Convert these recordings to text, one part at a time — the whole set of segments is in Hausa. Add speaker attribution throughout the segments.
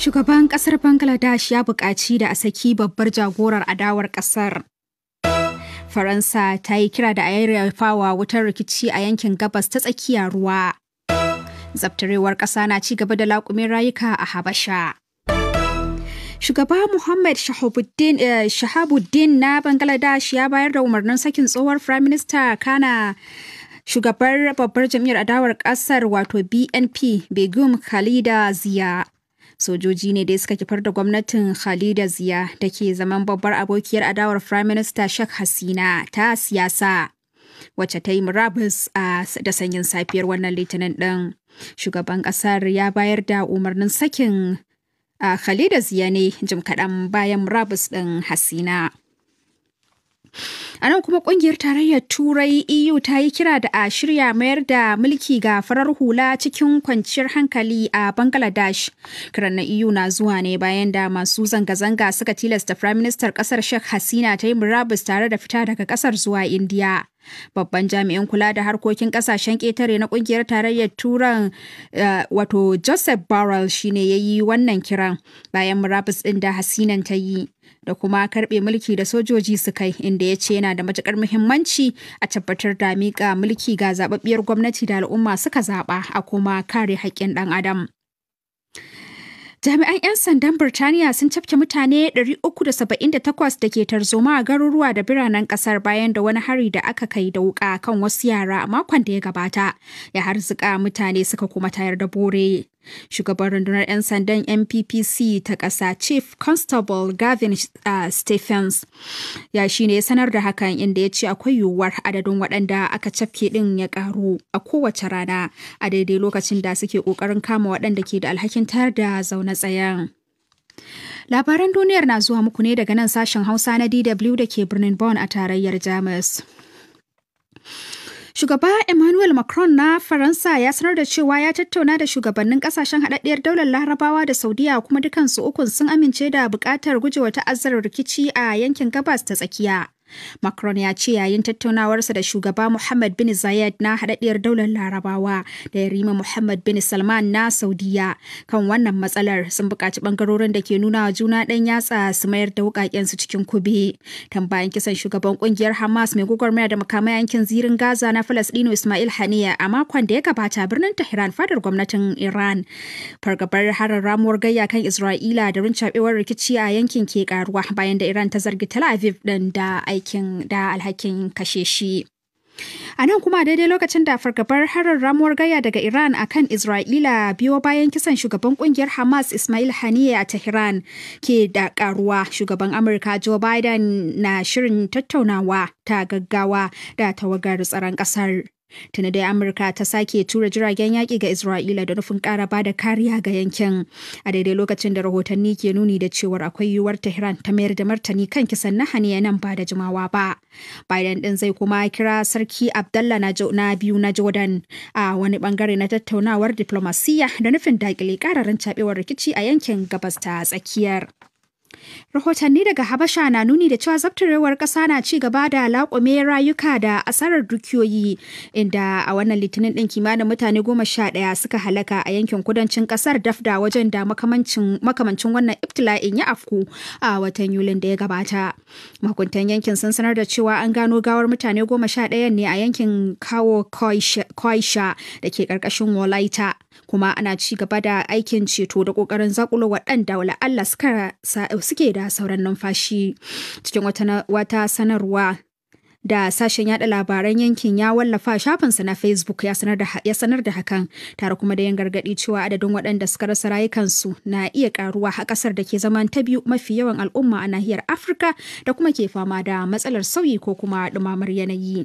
Speaker 1: Shugaban kasar Bangladesh ya buƙaci da a saki babbar jagorar adawar kasar. Faransa ta yi kira da a fawa wutar rikici a yankin gabas ta tsakiya ruwa. Zabtarewar ƙasa na ci gaba da laƙumin rayuka a Habasha. Shugaba Muhammad eh, Shahabuddin na Bangladesh ya bayar da umarnin sakin tsohuwar Firaminista Kana shugabar babbar jam'iyyar adawar ƙasar wato BNP Begum Khalida Ziya. sojoji ne dai suka kifar da gwamnatin Khalida Ziya da ke zaman babbar abokiyar adawar Prime Minister Sheikh Hasina ta siyasa. wacce ta yi murabus a da sanyin safiyar wannan litinin ɗin shugaban ƙasar ya bayar da umarnin sakin a ziya ne jim kaɗan bayan murabus ɗin hasina A nan kuma kungiyar tarayyar Turai EU ta yi kira da a shirya mayar da mulki ga farar hula cikin kwanciyar hankali a Bangladesh. Kiran na EU na zuwa ne bayan da masu zanga-zanga suka tilasta Prime Minister kasar Sheikh Hasina ta yi murabus tare da fita daga kasar zuwa India. Babban jami'in kula da harkokin kasashen ƙetare na ƙungiyar tarayyar Turan eh, wato Joseph Barrel shine ya yi wannan kiran bayan murabus ɗin da hasinan ta yi da kuma karɓe mulki da sojoji su kai inda ya ce yana da matuƙar muhimmanci a tabbatar da miƙa mulki ga zaɓaɓɓiyar gwamnati da al'umma suka zaɓa a kuma kare haƙƙin ɗan adam. Jami'an 'yan sandan Birtaniya sun cafke mutane 378 da ke tarzoma a garuruwa da biranen kasar bayan da wani hari da aka kai da wuka kan wasu yara a makon da ya gabata ya harzuka mutane suka kuma tayar da bore. Shugaban rundunar 'yan sandan MPPC ta ƙasa Chief Constable Gavin uh, Stephens ya shi ne sanar da hakan inda ya ce akwai yiwuwar adadin waɗanda aka cafke ɗin ya ƙaru a kowace rana a daidai lokacin da suke ƙoƙarin kama waɗanda ke da alhakin tayar da zaune tsayen. Labaran duniyar na zuwa muku ne daga nan sashen Hausa na DW da ke birnin Bonn a tarayyar Jamus. Shugaba Emmanuel Macron na Faransa ya sanar da cewa ya tattauna da shugabannin kasashen haɗaɗɗiyar daular Larabawa da Saudiya kuma dukansu ukun sun amince da buƙatar gujewa ta'azzarar rikici a yankin gabas ta tsakiya. Macron ya ce yayin tattaunawarsa da shugaba Muhammad bin Zayed na haɗaɗɗiyar daular Larabawa da Yarima Muhammad bin Salman na Saudiya kan wannan matsalar sun buƙaci ɓangarorin da ke nuna wa juna ɗan yatsa su mayar da wuƙaƙensu cikin kube. Tambayan kisan shugaban ƙungiyar Hamas mai gwagwarmaya da makamai yankin zirin Gaza na Falasɗinu Ismail Haniya a makon da ya gabata birnin Tehran fadar gwamnatin Iran. Fargabar harar ramuwar gayya kan Isra'ila da rincaɓewar rikici a yankin ke karuwa bayan da Iran ta zargi Tel Aviv ɗin da aiki. aikin da alhakin kashe shi. A nan kuma daidai lokacin da fargabar harin ramuwar gaya daga Iran a kan Isra'ila biyo bayan kisan shugaban kungiyar Hamas Ismail Haniyeh a Tehran ke da karuwa shugaban Amurka Joe Biden na shirin tattaunawa ta gaggawa da tawagar tsaron ƙasar. Tuni dai Amurka ta sake tura jiragen yaƙi ga Isra'ila da nufin ƙara ba da kariya ga yankin. A daidai lokacin da rahotanni ke nuni da cewar akwai yiwuwar Tehran ta mayar da martani kan kisan na Haniya nan ba da jimawa ba. Biden ɗin zai kuma kira Sarki Abdallah na biyu na Jordan a wani bangare na tattaunawar diplomasiyya da nufin daƙile ƙararin caɓewar rikici a yankin gabas ta tsakiyar. Rahotanni daga Habasha na nuni da cewa zabtarewar ƙasa na ci gaba da laƙume rayuka da asarar dukiyoyi inda a wannan litinin ɗin kimanin mutane goma sha ɗaya suka halaka a yankin kudancin ƙasar dafda wajen da makamancin wannan ibtila'in ya afku a watan Yulin da ya gabata. Mahukuntan yankin sun sanar da cewa an gano gawar mutane goma sha ɗaya ne a yankin Kawo Koisha da ke ƙarƙashin Walaita. kuma ana ci gaba da aikin ceto da kokarin zakulo waɗanda la'alla suke da sauran numfashi cikin wata sanarwa da sashen yada labaran yankin ya wallafa shafinsa na facebook ya sanar da hakan tare kuma da yin gargaɗi cewa adadin waɗanda suka rasa rayukansu na iya karuwa a ƙasar da ke zaman ta biyu mafi yawan al'umma a nahiyar afirka da kuma ke fama da matsalar sauyi ko kuma ɗumamar yanayi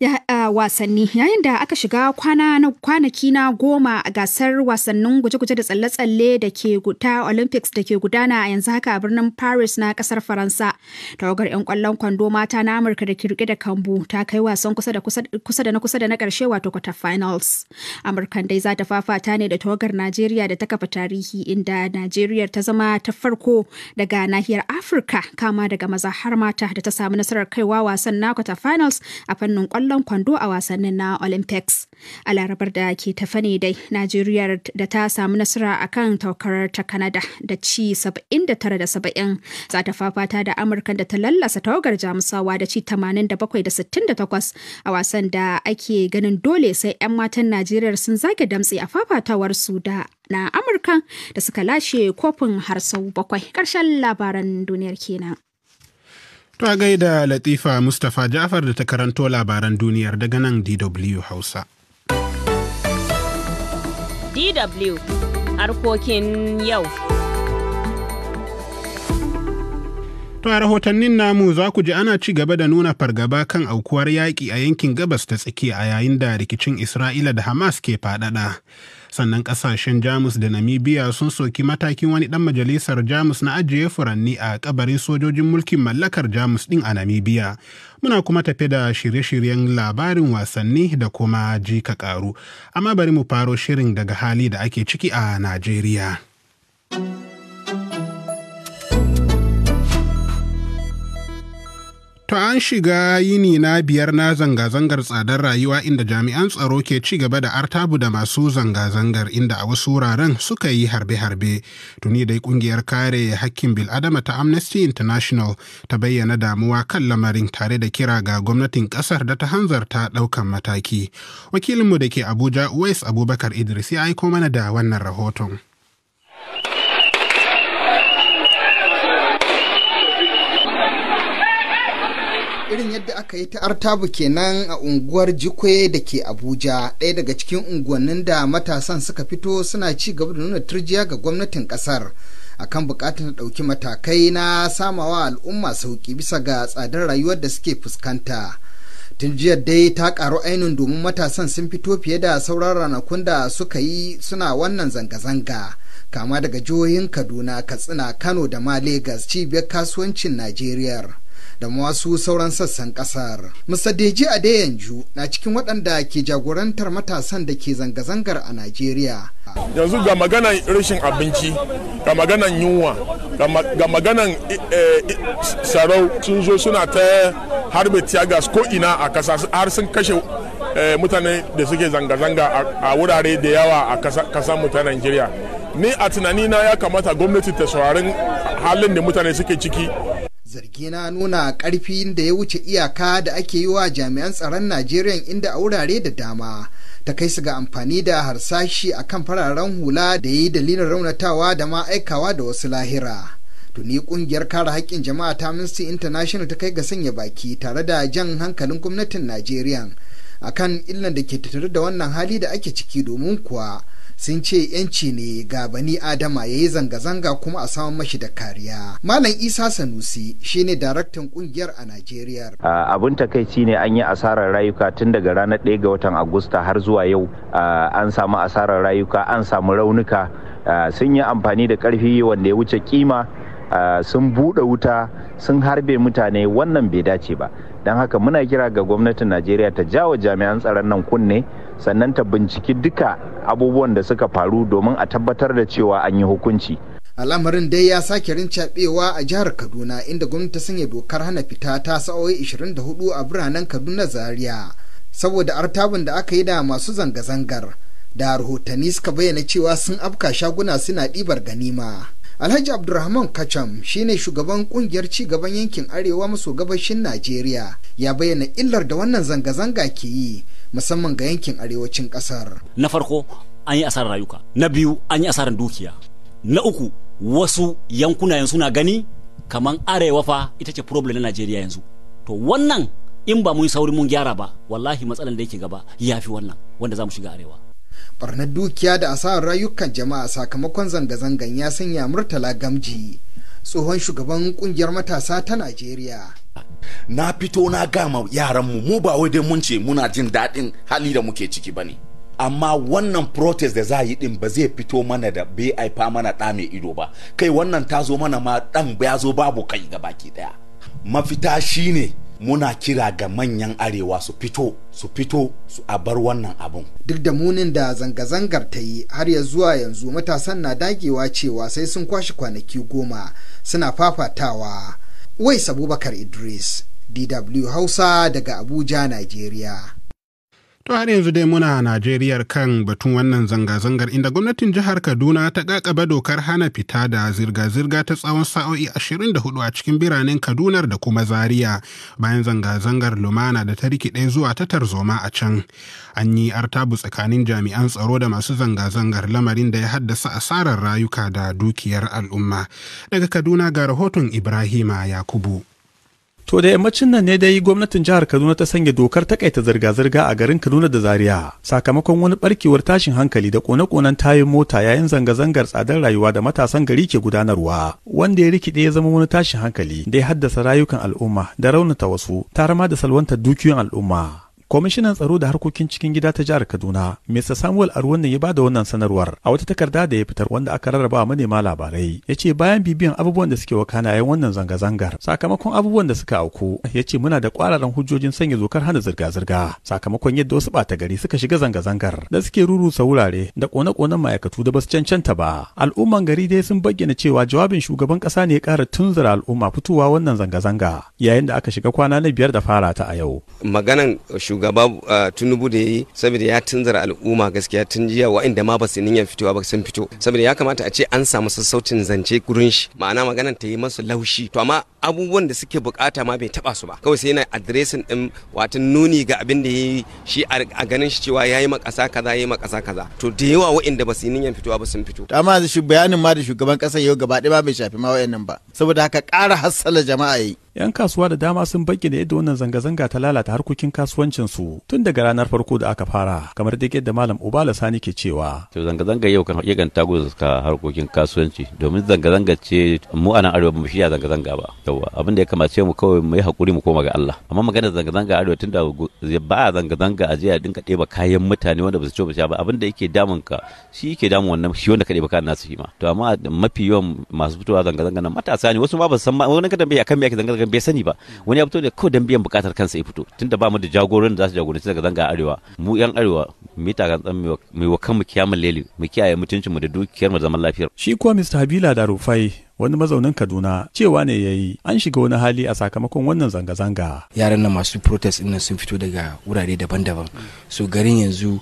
Speaker 1: ya uh, wasanni yayin da aka shiga kwana na kwanaki na goma a gasar wasannin guje-guje da tsalle-tsalle da ke guta olympics da ke gudana a yanzu haka a birnin paris na kasar faransa tawagar 'yan kwallon kwando mata na amurka da kirki da kambu ta kai wasan kusa da na kusa da na karshe wato kwata finals amurkan dai za ta fafata ne da tawagar najeriya da ta kafa tarihi inda najeriya ta zama ta farko daga nahiyar afirka kama daga maza har mata da ta samu nasarar kaiwa wasan na kwata finals a fannin kwallon kwando a wasannin na Olympics. A larabar da ke tafa dai, Najeriya da ta samu nasara a kan taukarar ta kanada da ci 79 da 70 za ta fafata da Amurka da ta lallasa tawagar Jamusawa da ci 87 a wasan da ake ganin dole sai 'yan matan Najeriya sun zage damtse a fafatawar su da na Amurka da suka lashe kofin har sau bakwai. karshen labaran duniyar kenan.
Speaker 2: To a gaida Latifa Mustapha Ja'far da ta karanto labaran duniyar daga nan DW Hausa.
Speaker 3: DW harkokin yau.
Speaker 2: To a rahotannin namu za ku ji ana ci gaba da nuna fargaba kan aukuwar yaƙi a yankin gabas ta tsakiya a yayin da rikicin Isra'ila da Hamas ke faɗaɗa. Sannan ƙasashen Jamus da Namibia sun soki matakin wani ɗan majalisar Jamus na ajiye furanni a kabarin sojojin mulkin mallakar Jamus ɗin a Namibia. Muna kuma tafe da shirye-shiryen labarin wasanni da kuma jika ƙaru. Amma bari mu faro shirin daga hali da ake ciki a Najeriya. To an shiga yini na biyar na zanga-zangar tsadar rayuwa inda jami'an tsaro ke ci gaba da artabu da masu zanga-zangar inda a wasu wuraren suka yi harbe-harbe. Tuni dai kungiyar kare hakkin bil'adama ta Amnesty International ta bayyana damuwa kan lamarin tare da kira ga gwamnatin kasar da ta hanzarta ɗaukan mataki. Wakilinmu da ke Abuja Uwais Abubakar Idris ya aiko mana da wannan rahoton.
Speaker 4: irin yadda aka yi ta artabu kenan a unguwar jikwe da ke abuja ɗaya daga cikin unguwannin da matasan suka fito suna ci gaba da nuna turjiya ga gwamnatin ƙasar akan bukatar da ɗauki matakai na samawa al'umma sauƙi bisa ga tsadar rayuwar da suke fuskanta tun dai ta ƙaru ainihin domin matasan sun fito fiye da sauran ranakun da suka yi suna wannan zanga-zanga kama daga jihohin kaduna katsina kano da ma Legas cibiyar kasuwancin najeriya da masu sauran sassan kasar. Mr. Deji Adeyanju na cikin waɗanda ke jagorantar matasan da ke zanga-zangar a Najeriya.
Speaker 2: Yanzu ga maganan rashin abinci, ga maganan yunwa, ga maganan e, e, e, sarau sun zo suna ta harbe tiyagas ko ina a kasa har sun kashe mutane da suke zanga-zanga a wurare da yawa a kasa mutanen Najeriya. Ni a tunanina ya kamata gwamnati ta saurarin halin da mutane suke ciki
Speaker 4: zargi na nuna ƙarfin da ya wuce iyaka da ake yi wa jami'an tsaron najeriya inda a wurare da dama ta kai su ga amfani da harsashi a kan fararen hula da ya yi dalilin raunatawa da ma aikawa da wasu lahira tuni kungiyar kare haƙƙin jama'a ta amnesty international ta kai ga sanya baki tare da jan hankalin gwamnatin najeriya akan illan da ke tattare da wannan hali da ake ciki domin kuwa sun ce yanci ne ga bani adama ya yi zanga-zanga kuma a samun mashi da kariya malam isa sanusi shi ne daraktan kungiyar a najeriya
Speaker 5: abun takaici ne an yi asarar rayuka tun daga ranar 1 ga watan agusta har zuwa yau an samu asarar rayuka an samu raunuka sun yi amfani da karfi wanda ya wuce kima sun buɗe wuta sun harbe mutane wannan bai dace ba don haka muna kira ga gwamnatin najeriya ta jawo jami'an tsaron nan kunne sannan ta binciki duka abubuwan da suka faru domin a tabbatar da cewa an yi hukunci
Speaker 4: al'amarin dai ya sake rincaɓewa a jihar kaduna inda gwamnati ta sanya dokar hana fita ta sa'o'i 24 a biranen kaduna zaria saboda artabin da aka yi da masu zanga-zangar da rahotanni suka bayyana cewa sun afka shaguna suna ɗibar ganima Alhaji Abdulrahman Kacham shine shugaban kungiyar ci gaban yankin Arewa maso gabashin Najeriya ya bayyana illar da wannan zanga-zanga ke yi musamman ga yankin arewacin kasar.
Speaker 5: Na farko an yi asarar rayuka, na biyu an yi asarar dukiya, na uku wasu yankuna yanzu na gani kamar arewa fa ita ce problem na Najeriya yanzu. To wannan in ba mun sauri mun gyara ba wallahi matsalar da yake gaba ya fi wannan wanda za mu shiga arewa.
Speaker 4: barnar dukiya da asarar rayukan jama'a sakamakon zanga-zangan ya sanya murtala gamji tsohon shugaban kungiyar matasa ta najeriya
Speaker 5: na fito na gama yaranmu mu ba wai dai mun ce muna jin daɗin hali da muke ciki ba ne amma wannan protest da za yi din ba zai fito mana da bai haifa mana ɗa mai ido ba kai wannan ta zo mana ma ɗan ya zo babu kai ga baki ɗaya mafita shine muna kira ga manyan arewa su fito su fito su a bar wannan abun duk da munin
Speaker 4: da zanga-zangar ta yi har ya zuwa yanzu matasan na dagewa cewa sai sun kwashi kwanaki goma suna fafatawa wai sabubakar idris dw hausa daga abuja nigeria
Speaker 2: To har yanzu dai muna Najeriya kan batun wannan zanga-zangar inda gwamnatin jihar Kaduna ta kakaba dokar hana fita da zirga-zirga ta tsawon sa'o'i 24 a cikin biranen Kadunar da kuma Zaria bayan zanga-zangar lumana da ta rikide zuwa ta tarzoma a can. An yi artabu tsakanin jami'an tsaro da masu zanga-zangar lamarin da ya haddasa asarar rayuka da dukiyar al'umma. Daga Kaduna ga rahoton Ibrahima Yakubu.
Speaker 6: To da yammacin nan ne dai gwamnatin jihar Kaduna ta sanya dokar takaita zirga-zirga a garin Kaduna da Zaria sakamakon wani barkewar tashin hankali da kone-konen tayin mota yayin zanga-zangar tsadar rayuwa da matasan gari ke gudanarwa wanda ya rikide ya zama wani tashin hankali da ya haddasa rayukan al'umma da raunata wasu tare ma da salwantar dukiyoyin al'umma. Kwamishinan tsaro da harkokin cikin gida ta jihar Kaduna, Mr. Samuel Arwan ne ya bada wannan sanarwar a wata takarda da ya fitar wanda aka rarraba manema labarai. Ya ce bayan bibiyan abubuwan da suke wakana yayin wannan zanga-zangar, sakamakon abubuwan da suka auku, ya ce muna da kwararan hujjojin sanya dokar hana zirga-zirga, sakamakon yadda wasu ɓata gari suka shiga zanga-zangar da suke rurusa wurare da kone-konen ma'aikatu da basu cancanta ba. Al'umman gari dai sun bayyana cewa jawabin shugaban ƙasa ne ya ƙara tunzura al'umma fitowa wannan zanga-zanga yayin da aka shiga kwana na biyar da fara ta a yau.
Speaker 4: Maganan shugaba uh, tunubu da ya yi saboda ya tunzar al'umma gaskiya tun jiya wa'inda ma ba su niyan fitowa ba sun fito saboda ya kamata a ce an samu sassaucin zance gurin shi ma'ana maganar ta yi masu laushi to amma abubuwan da suke bukata ma bai taba su ba kawai sai yana adiresin din watan nuni ga abin da yayi shi a ganin shi cewa yayi makasa kaza yayi makasa kaza to da yawa wa'inda ba su yi fitowa ba sun fito amma da shi bayanin ma da shugaban kasa yau gaba ɗaya ba bai shafi ma wa'annan ba saboda haka ƙara hassala jama'a yi
Speaker 6: 'Yan kasuwa da dama sun bayyana yadda wannan zanga-zanga ta lalata harkokin kasuwancinsu tun daga ranar farko da aka fara, kamar duk yadda Malam Ubala Sani ke cewa.
Speaker 7: To zanga-zanga yau kan yakan tago ka harkokin kasuwanci domin zanga-zanga ce mu a nan arewa ba mu shirya zanga-zanga ba. yawa abin da ya kamace mu kawai mu yi hakuri mu koma ga Allah. Amma maganar zanga-zanga arewa tun da ba zanga-zanga a jiya dinka ɗeba kayan mutane wanda ba su ci ba ba abin da yake damun ka shi yake damun wannan shi wanda ka ɗeba kayan nasu shi ma. To amma mafi yawan masu fitowa zanga-zanga nan matasa ne wasu ma ba san ma wani ka tambaya akan me ake zanga-zanga wannan bai sani ba wani ya fito ne kawai dan biyan bukatar kansa ya fito tunda ba mu da jagoran da za su jagoranci daga zanga arewa mu yan arewa mu ta kan mu wa kanmu kiyamun lele mu kiyaye mutuncin mu da dukiyar mu zaman
Speaker 6: lafiyar shi ko Mr Habila da Rufai wani mazaunin Kaduna cewa ne yayi an shiga wani hali a sakamakon wannan zanga zanga yaran nan masu protest din sun fito daga wurare daban-daban
Speaker 4: so garin yanzu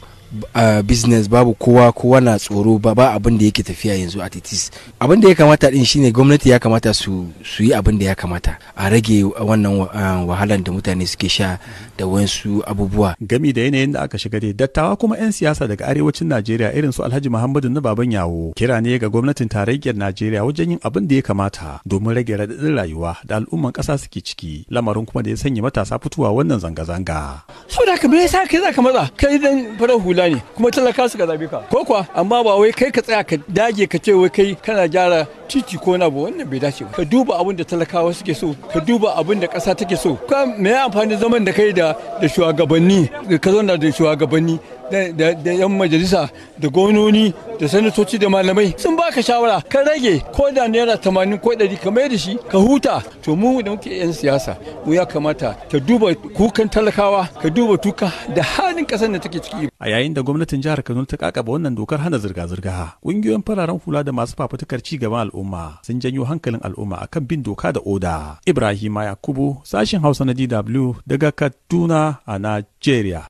Speaker 4: uh, business babu kowa kowa na tsoro ba ba abin da yake tafiya yanzu a titis abin da ya kamata din shine gwamnati ya kamata su su yi abin da ya kamata a
Speaker 6: rage wannan uh, wahalan da mutane suke
Speaker 5: sha da wasu abubuwa
Speaker 6: gami da yanayin da aka shiga dai dattawa kuma yan siyasa daga arewacin Najeriya irin su Alhaji Muhammadu na baban yawo kira ne ga gwamnatin tarayyar Najeriya wajen yin abin da ya kamata domin rage radadin rayuwa da al'umman ƙasa suke ciki lamarin kuma da ya sanya matasa fitowa wannan zanga-zanga.
Speaker 5: Saboda ka ya yasa kai za ka matsa kai dan farar hula kula ne kuma talaka suka zabe ka ko kuwa amma ba wai kai ka tsaya ka dage ka ce wai kai kana gyara titi ko na ba wannan bai dace ba ka duba abin da talakawa suke so ka duba abin da ƙasa take so ka me amfani zaman da kai da da shugabanni ka zauna da shugabanni da 'yan majalisa da gwamnoni da sanatoci da malamai sun baka shawara ka rage ko da naira tamanin ko ɗari ka mai da shi ka huta to mu da muke 'yan siyasa mu ya kamata ka duba kukan talakawa ka duba tuka da halin
Speaker 6: ƙasar da take ciki. a yayin da gwamnatin jihar kaduna ta kakaba wannan dokar hana zirga-zirga ƙungiyoyin fararen hula da masu fafutukar ci gaban al'umma sun janyo hankalin al'umma akan bin doka da oda ibrahima yakubu sashen hausa na dw daga kaduna a nigeria.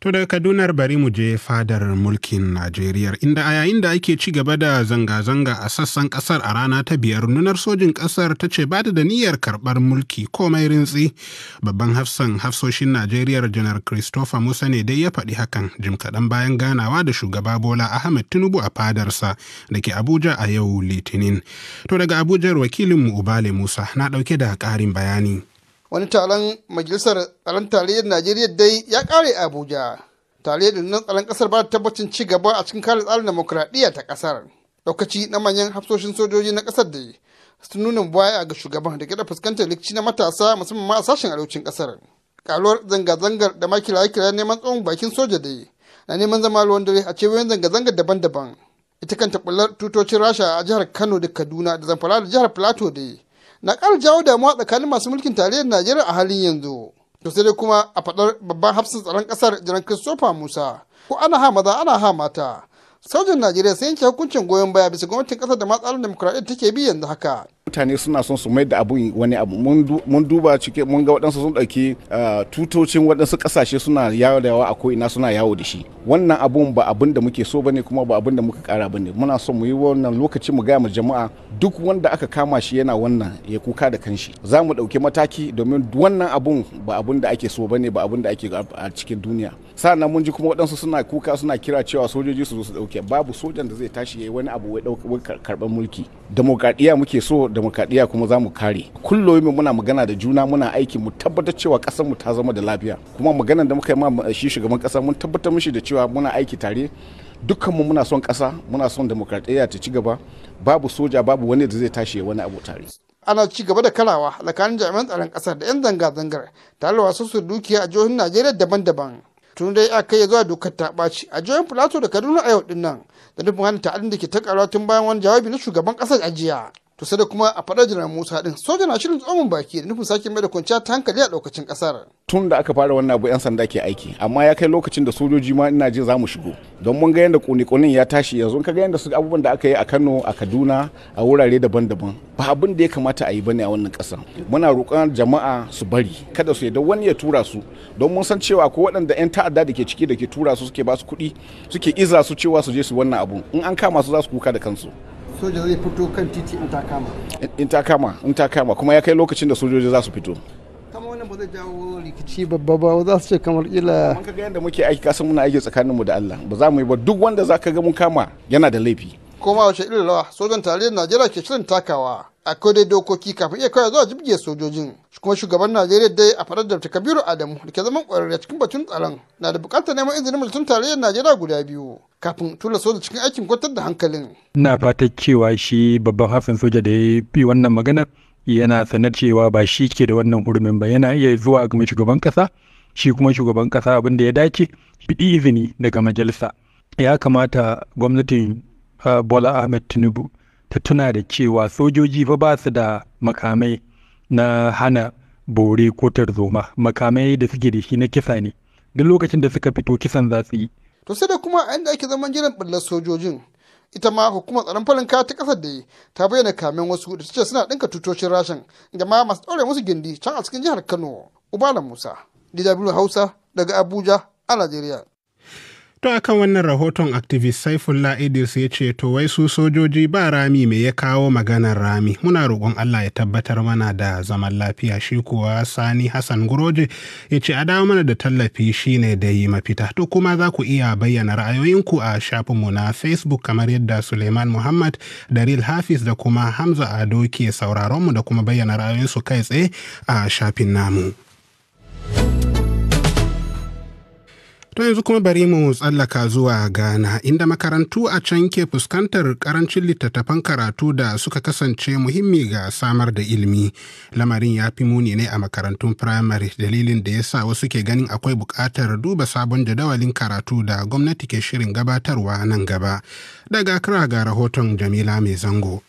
Speaker 2: To daga Kadunar bari mu je fadar mulkin Najeriya inda a yayin da ake ci gaba da zanga-zanga a sassan kasar a rana ta biyar nunar sojin kasar ta ce ba da niyyar karɓar mulki komai rintsi babban hafsan hafsoshin Najeriya janar Christopher Musa ne dai ya faɗi hakan jim kaɗan bayan ganawa da shugaba Bola Ahmed Tinubu a fadarsa da ke Abuja a yau Litinin. To daga Abuja wakilinmu Ubale Musa na ɗauke da ƙarin bayani.
Speaker 7: wani taron majalisar tsaron tarayyar najeriya dai ya kare abuja tarayyar nan tsaron kasar ba da tabbacin ci gaba a cikin kare tsarin demokuraɗiyya ta kasar lokaci na manyan hafsoshin sojoji na kasar da sun nuna baya ga shugaban da gada fuskantar rikici na matasa musamman ma a sashen arewacin kasar karuwar zanga-zangar da ma kiraye-kiraye neman tsohon bakin soja dai. na neman zama ruwan dare a cewayen zanga-zangar daban-daban ita kanta bular tutocin rasha a jihar kano da kaduna da zamfara da jihar plateau dai. na ƙara jawo damuwa tsakanin masu mulkin tarayyar najeriya a halin yanzu to sai kuma a faɗar babban hafsin tsaron ƙasar jiran christopher musa ko ana ha maza ana ha mata sojin najeriya sai yanke hukuncin goyon baya bisa gwamnatin ƙasar da matsalar demokuraɗiyya take bi yanzu haka
Speaker 5: mutane suna son su mai da abun wani abu mun duba cike mun ga waɗansu sun ɗauki ah, tutocin waɗansu ƙasashe suna yawo da yawa a ko'ina suna yawo da shi wannan abun ba abun da muke so bane kuma ba abun da muka ƙara bane muna son mu yi wannan lokaci mu gaya mu jama'a duk wanda aka kama shi yana wannan ya kuka da kanshi za mu ɗauki mataki domin wannan abun ba abun da ake so bane ba abun da ake a cikin duniya sa'annan mun ji kuma waɗansu suna kuka suna kira cewa sojoji su zo su ɗauke babu sojan da zai tashi ya yi wani abu wai karɓar mulki demokradiyya muke so demokradiyya kuma za mu kare kullum muna magana da juna muna aiki mu tabbatar cewa kasar mu ta zama da lafiya kuma magana da muka yi ma shi shugaban kasa mun tabbatar mishi da cewa muna aiki tare dukkanmu muna son kasa muna son demokradiyya ta ci gaba babu soja babu wani da zai tashi wani abu tare
Speaker 7: ana ci gaba da karawa tsakanin jami'an tsaron kasar da 'yan zanga-zangar tare da wasu su dukiya a jihohin najeriya daban-daban tun dai aka kai zuwa dokar ta ɓaci a jihohin plateau da kaduna a yau din nan da nufin hana ta'adin da ke ta karatun tun bayan wani jawabi na shugaban kasar a jiya to sai da kuma a faɗar jiran musa din soja na shirin tsohon baki da nufin sake mai da kwanciya ta hankali a lokacin ƙasar
Speaker 5: tun da aka fara wannan abu 'yan sanda ke aiki amma ya kai lokacin da sojoji ma ina je zamu shigo don mun ga yadda kuni ya tashi yanzu ka ga yadda su abubuwan da aka yi a kano a kaduna a wurare daban-daban ba abin da ya kamata a yi bane a wannan ƙasar muna roƙon jama'a su bari kada su yadda wani ya tura su don mun san cewa ko waɗanda 'yan ta'adda da ke ciki da ke tura su suke ba su kuɗi suke iza su cewa su je su wannan abu in an kama su za su kuka da kansu
Speaker 7: soja zai fito kan titi in ta kama
Speaker 5: in ta in ta kuma ya kai lokacin da sojoji za su fito kama wannan ba zai jawo rikici
Speaker 7: babba ba za su ce kamar ila mun
Speaker 5: kaga yadda muke aiki kasan muna aiki tsakaninmu da Allah ba za mu yi ba duk wanda za ka ga mun kama yana da laifi kuma
Speaker 7: wace irin rawa sojan tarayyar Najeriya ke shirin takawa akwai dai dokoki kafin iya kawai zuwa jibge sojojin kuma shugaban najeriya dai a farar da kabiru adamu da ke zaman kwararre cikin batun tsaron na da bukatar neman izinin majalisun tarayyar najeriya guda biyu kafin tura soja cikin aikin kwantar da hankalin
Speaker 6: na fatan cewa shi babban hafin soja da ya bi wannan magana yana sanar cewa ba shi ke da wannan hurumin ba yana iya zuwa ga shugaban kasa shi kuma shugaban kasa abin da ya dace biɗi izini daga majalisa ya kamata gwamnatin ah, bola ahmed tinubu ta tuna da cewa sojoji fa ba su da makamai na hana bore ko tarzoma makamai da suke da shi na kisa ne duk lokacin da suka fito kisan za su yi
Speaker 7: to sai da kuma inda ake zaman jiran ɓullar sojojin ita ma hukumar tsaron farin kaya ta kasar da ta bayyana kamen wasu da ce suna ɗinka tutocin rashin jama'a masu ɗaure musu gindi can a cikin jihar kano ubala musa dw hausa daga abuja a najeriya
Speaker 2: To a kan wannan rahoton activist Saifullah Idris ya ce to wai su sojoji ba rami me ya kawo maganar rami muna roƙon Allah ya tabbatar mana da zaman lafiya shi kuwa Sani Hassan Guroje ya ce a dawo mana da tallafi shine da yi mafita to kuma za ku iya bayyana ra'ayoyinku a shafinmu na Facebook kamar yadda Suleiman Muhammad Daril Hafiz da kuma Hamza Ado ke sauraron mu da kuma bayyana ra'ayoyinsu kai tsaye a shafin namu. To yanzu kuma bari mu tsallaka zuwa Ghana inda makarantu a can ke fuskantar karancin littattafan karatu da suka kasance muhimmi ga samar da ilimi. Lamarin ya fi muni ne a makarantun firamare dalilin da ya sa wasu ke ganin akwai buƙatar duba sabon jadawalin karatu da gwamnati ke shirin gabatarwa nan gaba. Daga kira ga rahoton
Speaker 3: Jamila Mai Zango.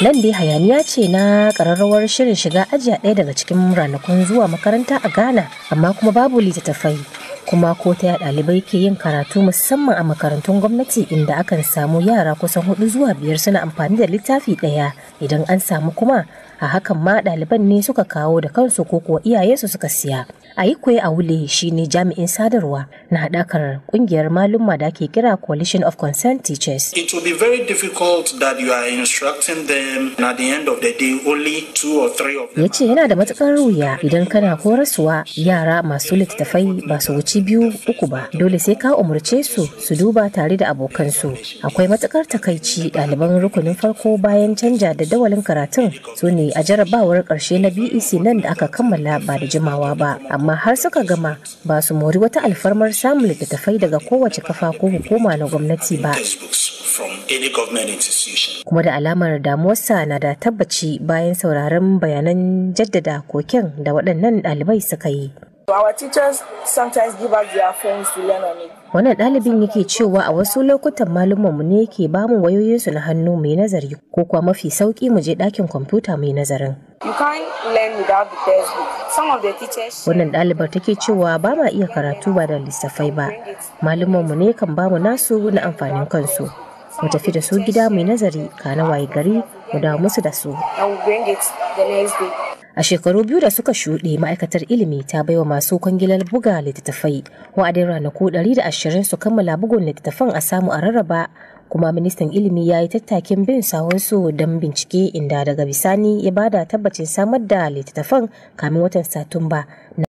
Speaker 3: nan dai hayaniya ce na kararrawar shirin shiga ajiya a ɗaya daga cikin ranakun zuwa makaranta a ghana amma kuma babu littattafai kuma ko ta ya ɗalibai ke yin karatu musamman a makarantun gwamnati inda akan samu yara kusan hudu zuwa biyar suna amfani da littafi ɗaya idan an samu kuma a hakan ma ɗaliban ne suka kawo da kansu ko kuwa iyayensu suka siya Aikwe Awule ne jami'in sadarwa na haɗakar ƙungiyar malumma da ke kira Coalition of Concerned Teachers.
Speaker 2: It will be very difficult that you are instructing them na the end of the day only two or three of
Speaker 3: them. Ya ce yana da matukar wuya idan kana koraswa yara masu littattafai ba su wuce biyu uku ba dole sai ka umarce su su duba tare da abokansu. Akwai matukar takaici ɗaliban rukunin farko bayan canja da dawalin karatun su ne a jarabawar ƙarshe na BEC nan da aka kammala ba da jimawa ba. amma har suka gama ba su mori wata alfarmar samun littattafai daga kowace kafa ko hukuma na gwamnati ba. Kuma da alamar damuwarsa na da tabbaci bayan sauraron bayanan jaddada koken da waɗannan ɗalibai suka yi.
Speaker 1: Our teachers sometimes give
Speaker 3: Wannan ɗalibin yake cewa a wasu lokutan malumanmu ne ke bamu wayoyinsu na hannu mai nazari ko kuwa mafi sauki mu je ɗakin kwamfuta mai nazarin. Wannan ɗalibar take cewa ba ma iya karatu ba da lissafai ba. Malumanmu ne kan bamu nasu na amfanin kansu. Mu tafi da su gida mai nazari kana waye gari mu dawo musu da su. A shekaru biyu da suka shuɗe ma'aikatar ilimi ta baiwa masu kwangilar buga littattafai wa'adin ranaku ashirin su kammala bugun littattafan a samu a rarraba kuma ministan ilimi ya yi tattakin bin sawunsu don bincike inda daga bisani ya bada tabbacin samar da littattafan kamin watan Satumba.